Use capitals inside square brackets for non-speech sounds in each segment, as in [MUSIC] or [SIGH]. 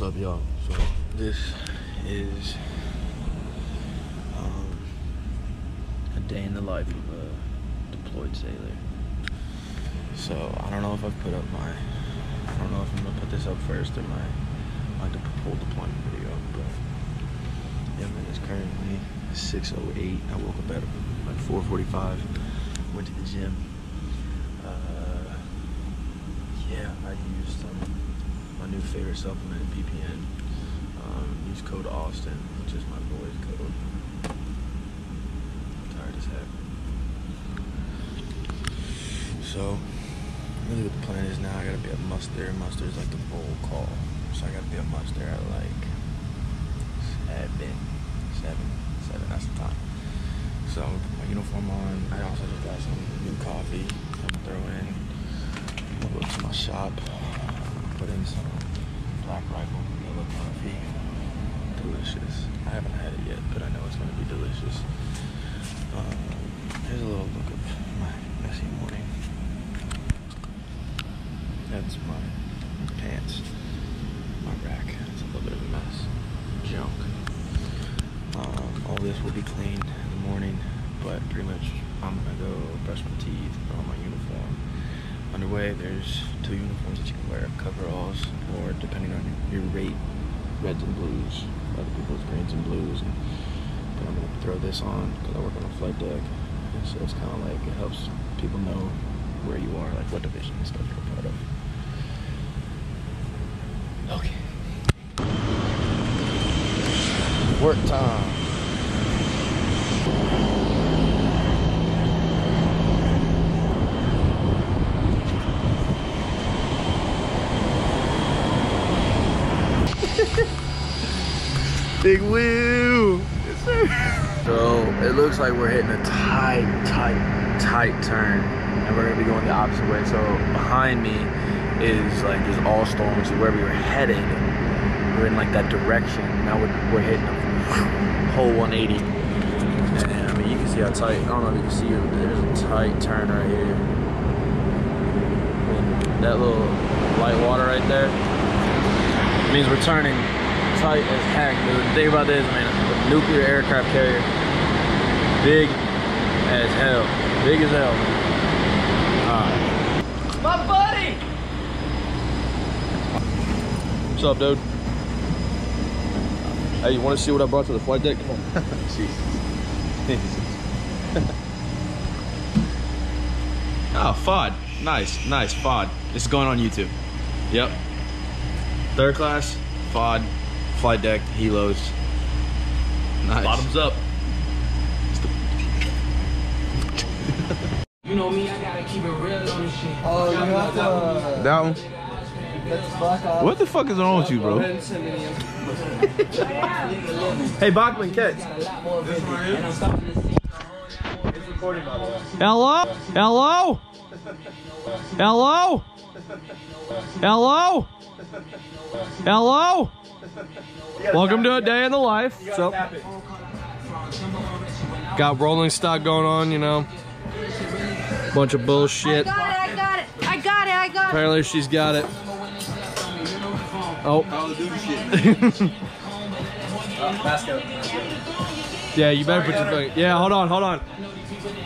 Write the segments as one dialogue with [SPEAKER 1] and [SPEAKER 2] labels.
[SPEAKER 1] what's up y'all so this is um, a day in the life of a deployed sailor so I don't know if i put up my I don't know if I'm gonna put this up first in my my de whole deployment video but yeah man it's currently 608 I woke up at like 445 went to the gym uh, yeah I used some um, my new favorite supplement, PPN. Um, use code Austin, which is my boy's code. I'm tired as heck. So, really what the plan is now, I gotta be a Muster. Muster is like the bowl call. So I gotta be a Muster at like seven, seven, seven, that's the time. So my uniform on. I also just got some new coffee I'm gonna throw in. I'm gonna go to my shop. Put in some Black Rifle vanilla coffee. Delicious. I haven't had it yet, but I know it's going to be delicious. Um, here's a little look of my messy morning. That's my pants. My rack. It's a little bit of a mess. Junk. Um, all this will be cleaned in the morning, but pretty much I'm going to go brush my teeth, put on my uniform, underway. There's two uniforms that you can wear, coveralls, or depending on your rate, reds and blues. Other people's greens and blues. And I'm gonna throw this on because I work on a flight deck, so it's kind of like it helps people know where you are, like what division and stuff you're part of. Okay. Work time. big wheel. Yes, So it looks like we're hitting a tight, tight, tight turn and we're gonna be going the opposite way. So behind me is like just all storms where we were headed. We're in like that direction. Now we're, we're hitting a whole 180. And I mean, you can see how tight, I don't know if you can see it, there's a tight turn right here. And that little light water right there means we're turning tight as heck, dude. The thing about this, man, the nuclear aircraft carrier, big as hell. Big as hell. My buddy! What's up, dude? Hey, you want to see what I brought to the flight deck? Come on. [LAUGHS] Jesus. Jesus. [LAUGHS] oh, FOD. Nice, nice, FOD. It's going on YouTube. Yep. Third class, FOD fly deck helos. Nice. Bottoms up. you know me, I gotta keep it real on this shit. Oh, you have to. Uh, that one. What the fuck is wrong with you, bro? [LAUGHS] hey, Bachman, catch. Hello? Hello? Hello? Hello? Hello? Welcome to a day in the life. So, got rolling stock going on, you know. Bunch of bullshit. I got it, I got it, I got it, I got it. Apparently she's got it. Oh. [LAUGHS] Uh, yeah, you better put your thing. Yeah, hold on, hold on.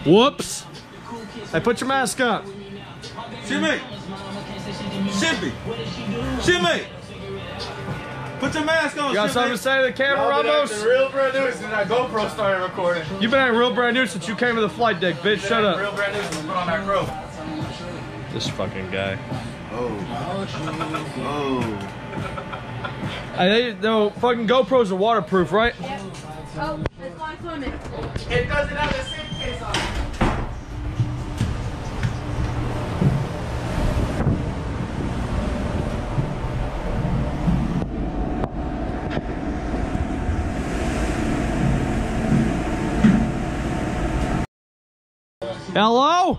[SPEAKER 1] Whoops. Hey, put your mask up. Shimmy. Shimmy. Shimmy. Put your mask on. You got something to say to the camera, Ramos? real brand new. since that GoPro started recording. You've been at real brand new since you came to the flight deck, bitch. Shut up. Real brand news since put on that crow. This fucking guy. Oh. oh. Hey, no, fucking GoPros are waterproof, right? Yeah. Oh, it's like swimming. It doesn't have a suitcase on Hello?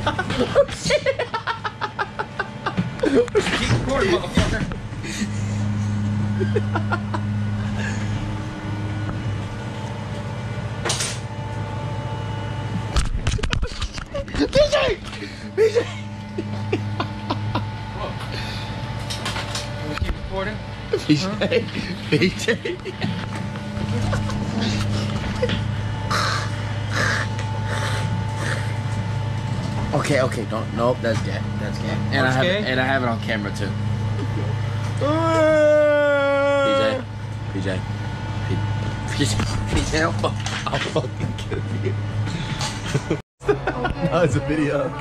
[SPEAKER 1] oh [LAUGHS] shit! [LAUGHS] Keep recording, motherfucker. [LAUGHS] BJ. BJ. [LAUGHS] Okay, okay, don't nope, that's gay. That's gay. And What's I have gay? and I have it on camera too. Uh, [LAUGHS] PJ. PJ. PJ. [LAUGHS] PJ, I'll, I'll fucking kill you. no, it's a video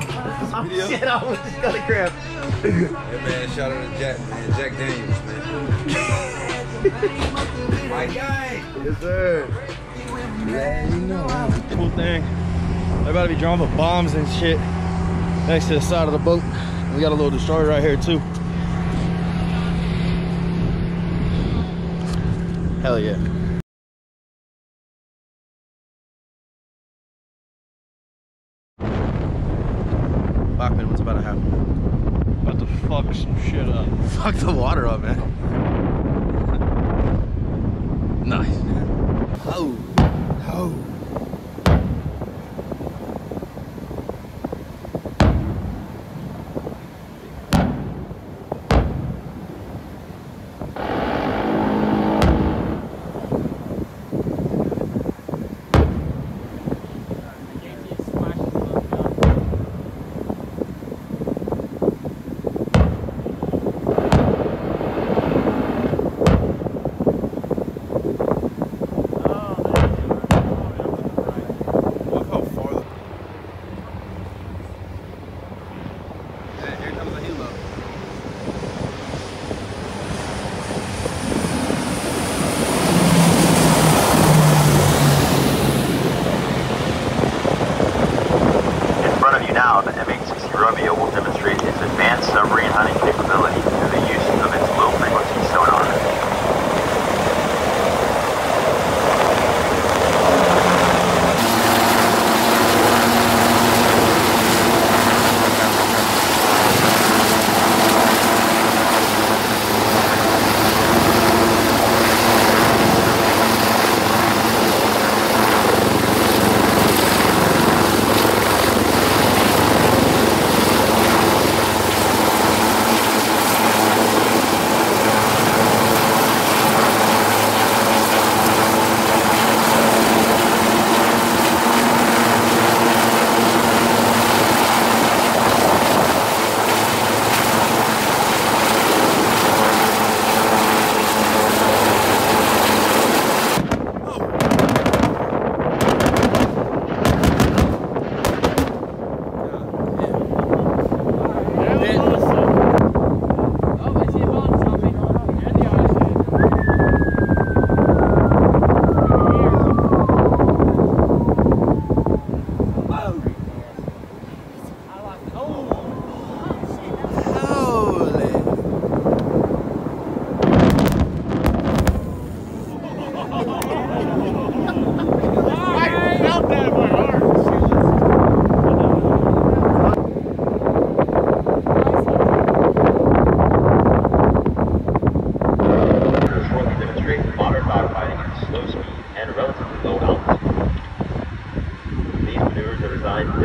[SPEAKER 1] video? [LAUGHS] Shit, I was just gonna grab. hey man, shout out to Jack, man. Jack Daniels, man. My guy. Yes, sir. Yeah, you know. Cool thing. They're about to be drawing with bombs and shit next to the side of the boat. We got a little destroyer right here too. Hell yeah. Bachman, what's about to happen? About to fuck some shit up. [LAUGHS] Fuck the water up, man. [LAUGHS] nice. Oh. now, the MH-60 Romeo will demonstrate its advanced submarine hunting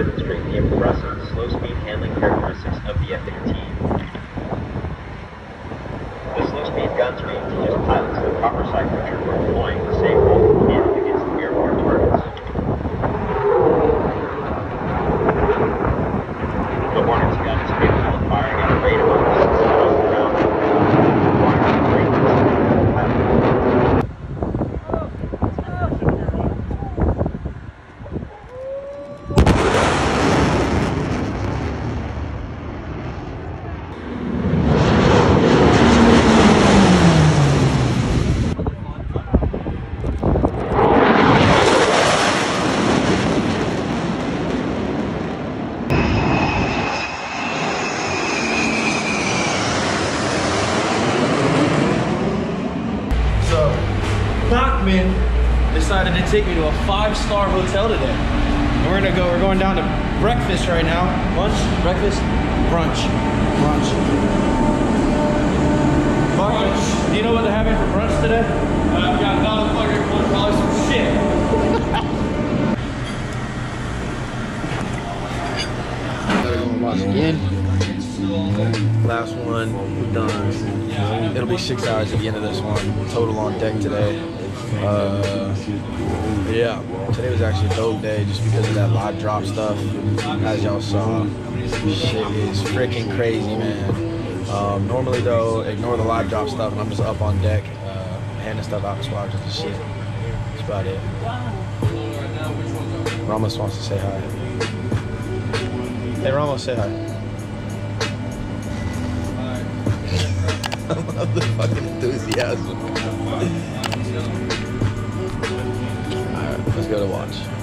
[SPEAKER 1] demonstrate the impressive slow speed handling characteristics hotel today. we're gonna go. We're going down to breakfast right now. Lunch, breakfast, brunch, brunch. Brunch. Do you know what they're having for brunch today? Uh, I've got another fucking one probably some shit. Watch again. Last one, we're done. It'll be six hours at the end of this one. Total on deck today. Uh, yeah, today was actually a dope day just because of that live drop stuff. As y'all saw, shit is freaking crazy, man. Um, normally, though, ignore the live drop stuff, and I'm just up on deck uh, handing stuff out to squadrons and shit. That's about it. Ramos wants to say hi. Hey, Ramos, say hi. [LAUGHS] fucking enthusiasm go to watch.